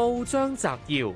報章摘要：《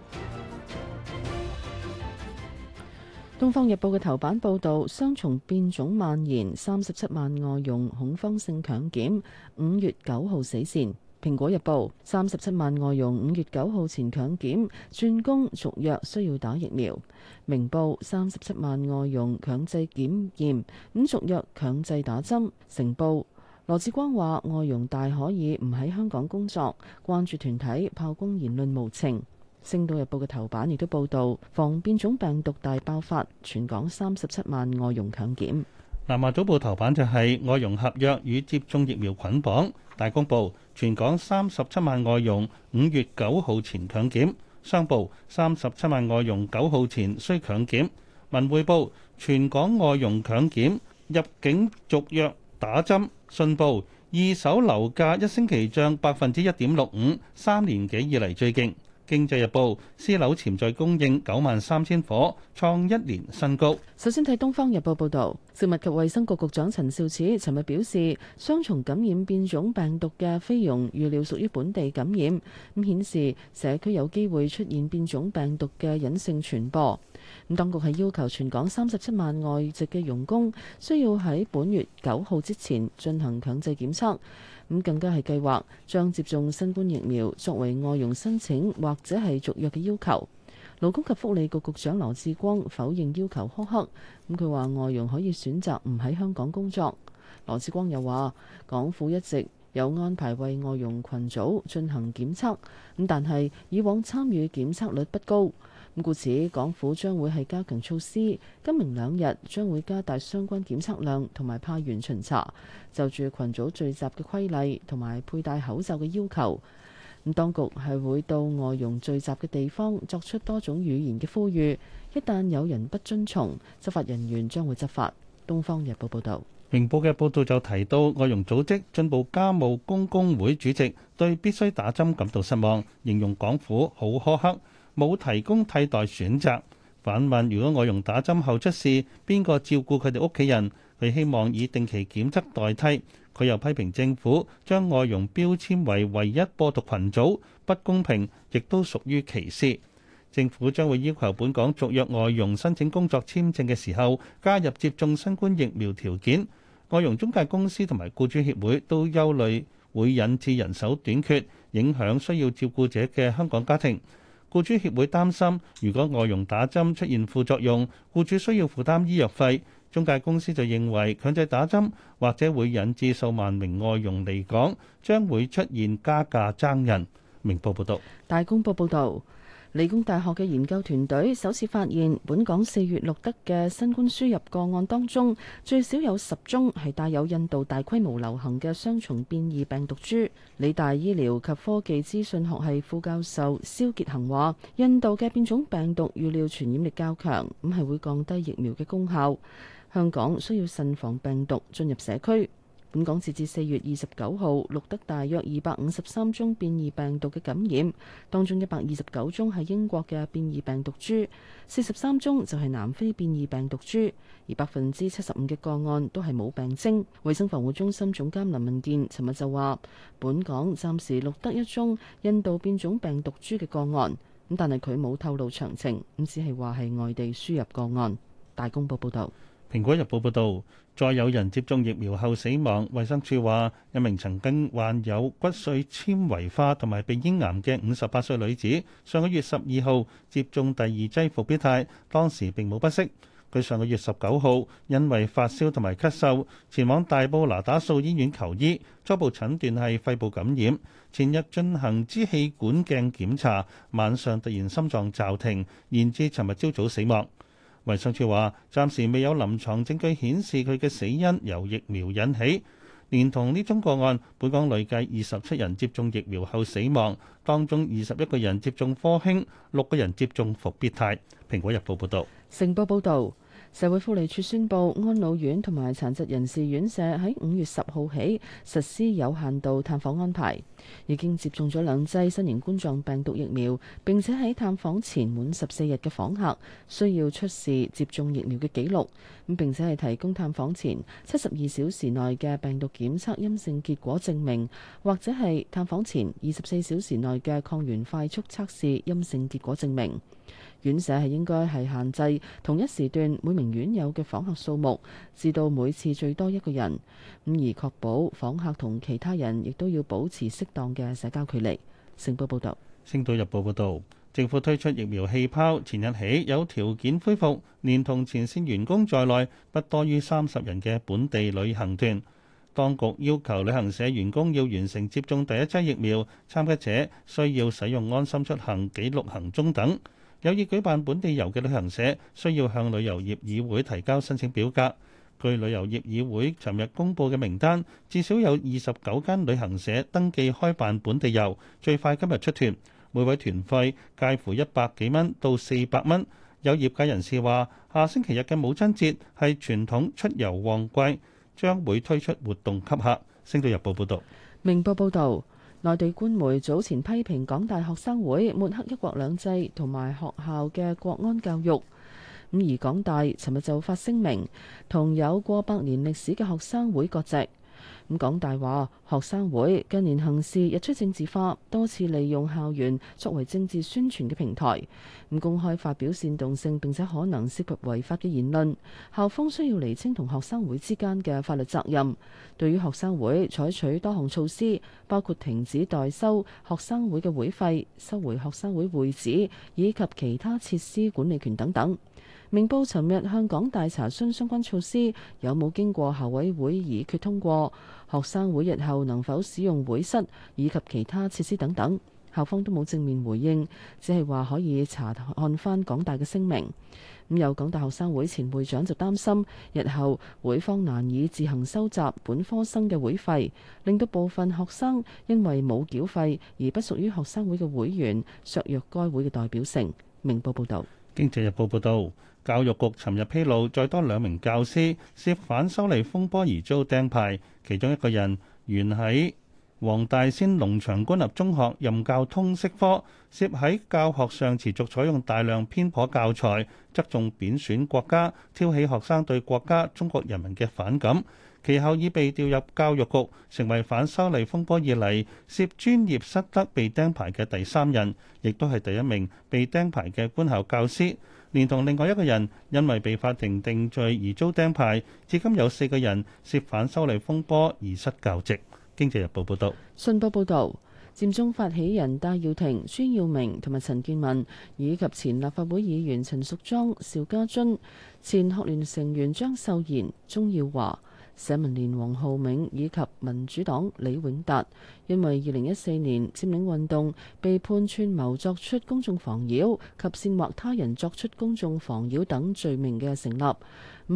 東方日報》嘅頭版報道，雙重變種蔓延，三十七萬外傭恐慌性強檢，五月九號死線。《蘋果日報》三十七萬外傭五月九號前強檢，轉工續約需要打疫苗。《明報》三十七萬外傭強制檢驗，五續約強制打針。《成報》羅志光話：外傭大可以唔喺香港工作，關注團體炮轟言論無情。星島日報嘅頭版亦都報道：防變種病毒大爆發，全港三十七萬外傭強檢。南華早報頭版就係外傭合約與接種疫苗捆綁。大公報：全港三十七萬外傭五月九號前強檢。商報三十七萬外傭九號前需強檢。文匯報全港外傭強檢入境續約。打針。信報二手樓價一星期漲百分之一點六五，三年幾以嚟最勁。經濟日報私樓潛在供應九萬三千夥，創一年新高。首先睇《東方日報》報導。食物及衛生局局長陳肇始尋日表示，雙重感染變種病毒嘅菲傭預料屬於本地感染，咁顯示社區有機會出現變種病毒嘅隱性傳播。咁當局係要求全港三十七萬外籍嘅傭工需要喺本月九號之前進行強制檢測。咁更加係計劃將接種新冠疫苗作為外傭申請或者係續約嘅要求。勞工及福利局局長羅致光否認要求苛刻，咁佢話外傭可以選擇唔喺香港工作。羅致光又話，港府一直有安排為外傭群組進行檢測，咁但係以往參與檢測率不高，咁故此港府將會係加強措施，今明兩日將會加大相關檢測量同埋派員巡查，就住群組聚集嘅規例同埋佩戴口罩嘅要求。咁當局係會到外傭聚集嘅地方作出多種語言嘅呼籲，一旦有人不遵從，執法人員將會執法。《東方日報》報道，明報嘅報導就提到，外佣組織進步家務工工會主席對必須打針感到失望，形容港府好苛刻，冇提供替代選擇。反問：如果外傭打針後出事，邊個照顧佢哋屋企人？佢希望以定期檢測代替。佢又批評政府將外佣標籤為唯一播毒群組，不公平，亦都屬於歧視。政府將會要求本港續約外傭申請工作簽證嘅時候，加入接種新冠疫苗條件。外傭中介公司同埋僱主協會都憂慮會引致人手短缺，影響需要照顧者嘅香港家庭。僱主協會擔心，如果外佣打針出現副作用，僱主需要負擔醫藥費。中介公司就認為，強制打針或者會引致數萬名外傭離港，將會出現加價爭人。明報報道。大公報報道。理工大學嘅研究團隊首次發現，本港四月錄得嘅新冠輸入個案當中，最少有十宗係帶有印度大規模流行嘅雙重變異病毒株。理大醫療及科技資訊學系副教授蕭傑恒話，印度嘅變種病毒預料傳染力較強，咁係會降低疫苗嘅功效。香港需要慎防病毒進入社區。本港截至四月二十九號錄得大約二百五十三宗變異病毒嘅感染，當中一百二十九宗係英國嘅變異病毒株，四十三宗就係南非變異病毒株，而百分之七十五嘅個案都係冇病徵。衞生防護中心總監林文健尋日就話，本港暫時錄得一宗印度變種病毒株嘅個案，咁但係佢冇透露詳情，咁只係話係外地輸入個案。大公報報道。《蘋果日報》報導，再有人接種疫苗後死亡。衛生署話，一名曾經患有骨髓纖維化同埋鼻咽癌嘅五十八歲女子，上個月十二號接種第二劑復必泰，當時並冇不適。佢上個月十九號因為發燒同埋咳嗽，前往大埔拿打素醫院求醫，初步診斷係肺部感染。前日進行支氣管鏡檢查，晚上突然心臟驟停，延至尋日朝早死亡。衛生署話，暫時未有臨牀證據顯示佢嘅死因由疫苗引起。連同呢宗個案，本港累計二十七人接種疫苗後死亡，當中二十一個人接種科興，六個人接種復必泰。蘋果日報報道，成報報道。社會福利署宣布，安老院同埋殘疾人士院舍喺五月十號起實施有限度探訪安排。已經接種咗兩劑新型冠狀病毒疫苗並且喺探訪前滿十四日嘅訪客，需要出示接種疫苗嘅記錄，咁並且係提供探訪前七十二小時內嘅病毒檢測陰性結果證明，或者係探訪前二十四小時內嘅抗原快速測試陰性結果證明。院舍係應該係限制同一時段每名院友嘅訪客數目，至到每次最多一個人咁，而確保訪客同其他人亦都要保持適當嘅社交距離。成報報道，星島日報報道，政府推出疫苗氣泡，前日起有條件恢復，連同前綫員工在內不多於三十人嘅本地旅行團。當局要求旅行社員工要完成接種第一劑疫苗，參加者需要使用安心出行記錄行蹤等。有意舉辦本地遊嘅旅行社，需要向旅遊業議會提交申請表格。據旅遊業議會尋日公佈嘅名單，至少有二十九間旅行社登記開辦本地遊，最快今日出團，每位團費介乎一百幾蚊到四百蚊。有業界人士話，下星期日嘅母親節係傳統出遊旺季，將會推出活動吸客。星島日報報導，明報報導。內地官媒早前批評港大學生會抹黑一國兩制同埋學校嘅國安教育，咁而港大尋日就發聲明，同有過百年歷史嘅學生會割席。咁講大話，學生會近年行事日趨政治化，多次利用校園作為政治宣傳嘅平台，唔公開發表煽動性並且可能涉及違法嘅言論。校方需要釐清同學生會之間嘅法律責任，對於學生會採取多項措施，包括停止代收學生會嘅會費、收回學生會會址以及其他設施管理權等等。明報尋日向港大查詢相關措施有冇經過校委會議決通過，學生會日後能否使用會室以及其他設施等等，校方都冇正面回應，只係話可以查看翻港大嘅聲明。咁、嗯、有港大學生會前會長就擔心日後會方難以自行收集本科生嘅會費，令到部分學生因為冇繳費而不屬於學生會嘅會員，削弱該會嘅代表性。明報報道。經濟日報報導，教育局尋日披露，再多兩名教師涉反修例風波而遭釘牌，其中一個人原喺黃大仙龍翔官立中學任教通識科，涉喺教學上持續採用大量偏頗教材，側重貶損國家，挑起學生對國家中國人民嘅反感，其後已被調入教育局，成為反修例風波以嚟涉專業失德被釘牌嘅第三人，亦都係第一名被釘牌嘅官校教師，連同另外一個人因為被法庭定罪而遭釘牌，至今有經濟日報報導，信報報導，佔中發起人戴耀廷、孫耀明同埋陳建文，以及前立法會議員陳淑莊、邵家臻、前學聯成員張秀賢、鍾耀華、社民連黃浩銘以及民主黨李永達，因為二零一四年佔領運動被判串謀作出公眾妨擾及煽惑他人作出公眾妨擾等罪名嘅成立，咁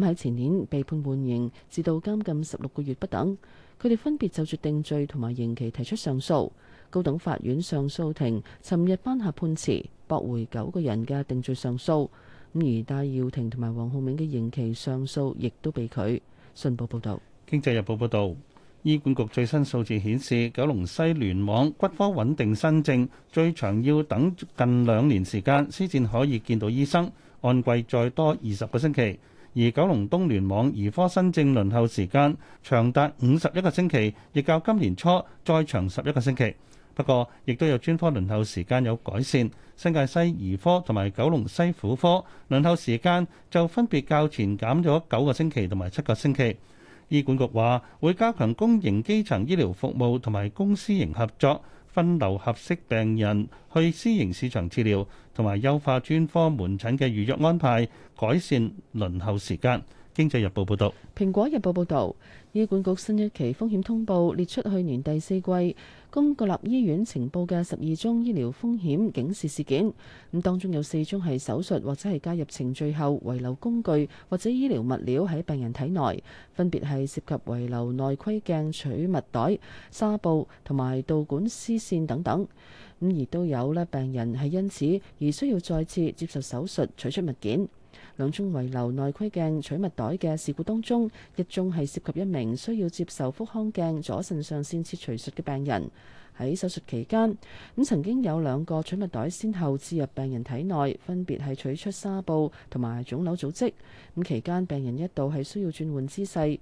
喺前年被判緩刑，至到監禁十六個月不等。佢哋分別就住定罪同埋刑期提出上訴，高等法院上訴庭尋日頒下判詞，駁回九個人嘅定罪上訴，咁而戴耀廷同埋黃浩銘嘅刑期上訴亦都被拒。信報報道：《經濟日報》報道，醫管局最新數字顯示，九龍西聯網骨科穩定新症，最長要等近兩年時間先至可以見到醫生，按季再多二十個星期。而九龍東聯網兒科新症輪候時間長達五十一個星期，亦較今年初再長十一個星期。不過，亦都有專科輪候時間有改善。新界西兒科同埋九龍西婦科輪候時間就分別較前減咗九個星期同埋七個星期。醫管局話會加強公營基層醫療服務同埋公私營合作。分流合適病人去私營市場治療，同埋優化專科門診嘅預約安排，改善輪候時間。經濟日報報道，蘋果日報報道，醫管局新一期風險通報列出去年第四季公立醫院情報嘅十二宗醫療風險警示事件，咁當中有四宗係手術或者係介入程序後遺留工具或者醫療物料喺病人體內，分別係涉及遺留內窺鏡、取物袋、紗布同埋導管、絲線等等，咁而都有咧病人係因此而需要再次接受手術取出物件。兩宗遺留內窺鏡取物袋嘅事故當中，一宗係涉及一名需要接受腹腔鏡左腎上腺切除術嘅病人喺手術期間，咁曾經有兩個取物袋先後置入病人體內，分別係取出紗布同埋腫瘤組織。咁期間病人一度係需要轉換姿勢。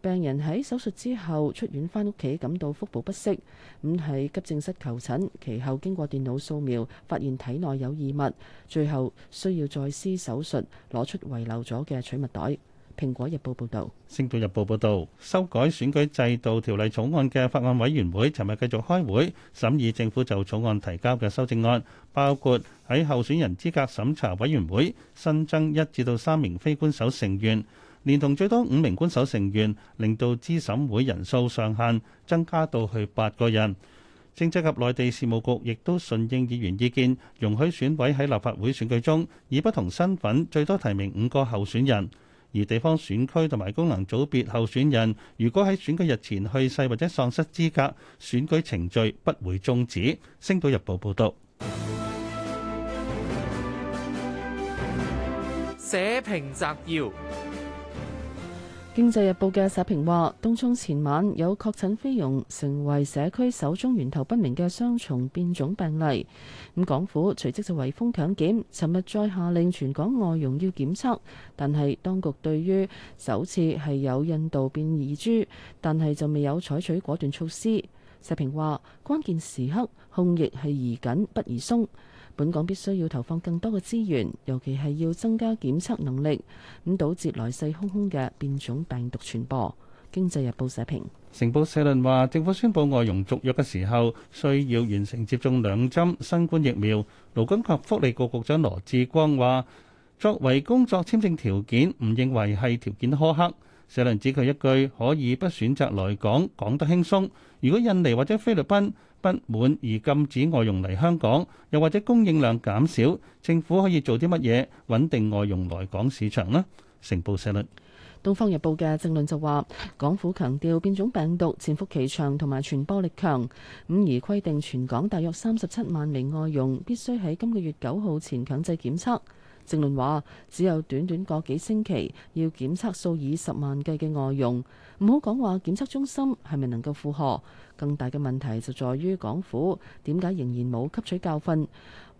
病人喺手術之後出院返屋企，感到腹部不適，咁喺急症室求診，其後經過電腦掃描，發現體內有異物，最後需要再施手術攞出遺漏咗嘅取物袋。《蘋果日報》報道，《星島日報》報道，修改選舉制度條例草案嘅法案委員會，尋日繼續開會審議政府就草案提交嘅修正案，包括喺候選人資格審查委員會新增一至到三名非官守成員。連同最多五名官守成員，令到資審會人數上限增加到去八個人。政制及內地事務局亦都順應議員意見，容許選委喺立法會選舉中以不同身份最多提名五個候選人。而地方選區同埋功能組別候選人，如果喺選舉日前去世或者喪失資格，選舉程序不會中止。星島日報報導。社評摘要：經濟日報嘅社評話，東涌前晚有確診菲傭，成為社區首宗源頭不明嘅雙重變種病例。咁港府隨即就圍封強檢，尋日再下令全港外傭要檢測。但係當局對於首次係有印度變異株，但係就未有採取果斷措施。社評話，關鍵時刻控疫係宜緊不宜鬆。本港必須要投放更多嘅資源，尤其係要增加檢測能力，咁導致來勢洶洶嘅變種病毒傳播。經濟日報社評。成報社論話，政府宣布外傭續約嘅時候，需要完成接種兩針新冠疫苗。勞工及福利局局長羅致光話，作為工作簽證條件，唔認為係條件苛刻。社論指佢一句可以不選擇來港，講得輕鬆。如果印尼或者菲律賓不滿而禁止外傭嚟香港，又或者供應量減少，政府可以做啲乜嘢穩定外傭來港市場呢？成報社論，《東方日報》嘅政論就話，港府強調變種病毒潛伏期長同埋傳播力強，咁而規定全港大約三十七萬名外傭必須喺今個月九號前強制檢測。正論話：只有短短個幾星期要檢測數以十萬計嘅外傭。唔好講話檢測中心係咪能夠負荷。更大嘅問題就在於港府點解仍然冇吸取教訓，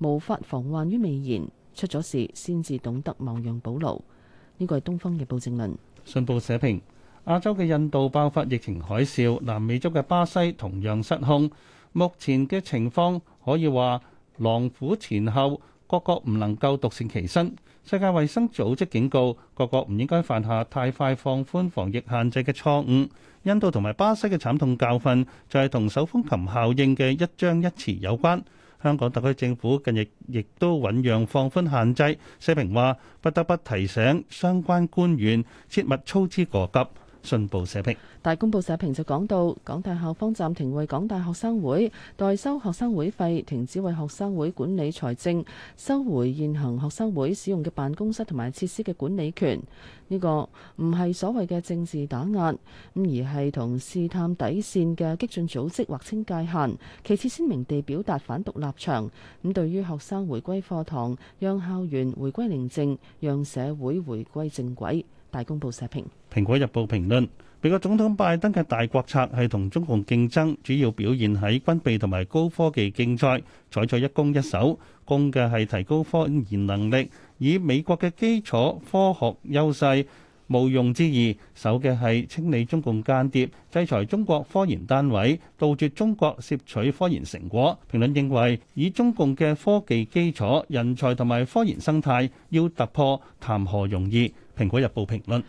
無法防患於未然，出咗事先至懂得亡羊補牢。呢個係《東方日報》正論。信報社評：亞洲嘅印度爆發疫情海嘯，南美洲嘅巴西同樣失控。目前嘅情況可以話狼虎前後。各國唔能夠獨善其身，世界衛生組織警告，各國唔應該犯下太快放寬防疫限制嘅錯誤。印度同埋巴西嘅慘痛教訓，就係同手風琴效應嘅一張一弛有關。香港特區政府近日亦都醞釀放寬限制，社評話不得不提醒相關官員切勿操之過急。信報社評，大公報社評就講到，港大校方暫停為港大學生會代收學生會費，停止為學生會管理財政，收回現行學生會使用嘅辦公室同埋設施嘅管理權。呢個唔係所謂嘅政治打壓，而係同試探底線嘅激進組織劃清界限。其次，鮮明地表達反獨立場。咁對於學生回歸課堂，讓校園回歸寧靜，讓社會回歸正軌。大公報社評，《蘋果日報》評論美國總統拜登嘅大國策係同中共競爭，主要表現喺軍備同埋高科技競賽，採取一攻一守。攻嘅係提高科研能力，以美國嘅基礎科學優勢無庸置疑；守嘅係清理中共間諜，制裁中國科研單位，杜絕中國攝取科研成果。評論認為，以中共嘅科技基礎、人才同埋科研生態，要突破談何容易？《蘋果日報》評論。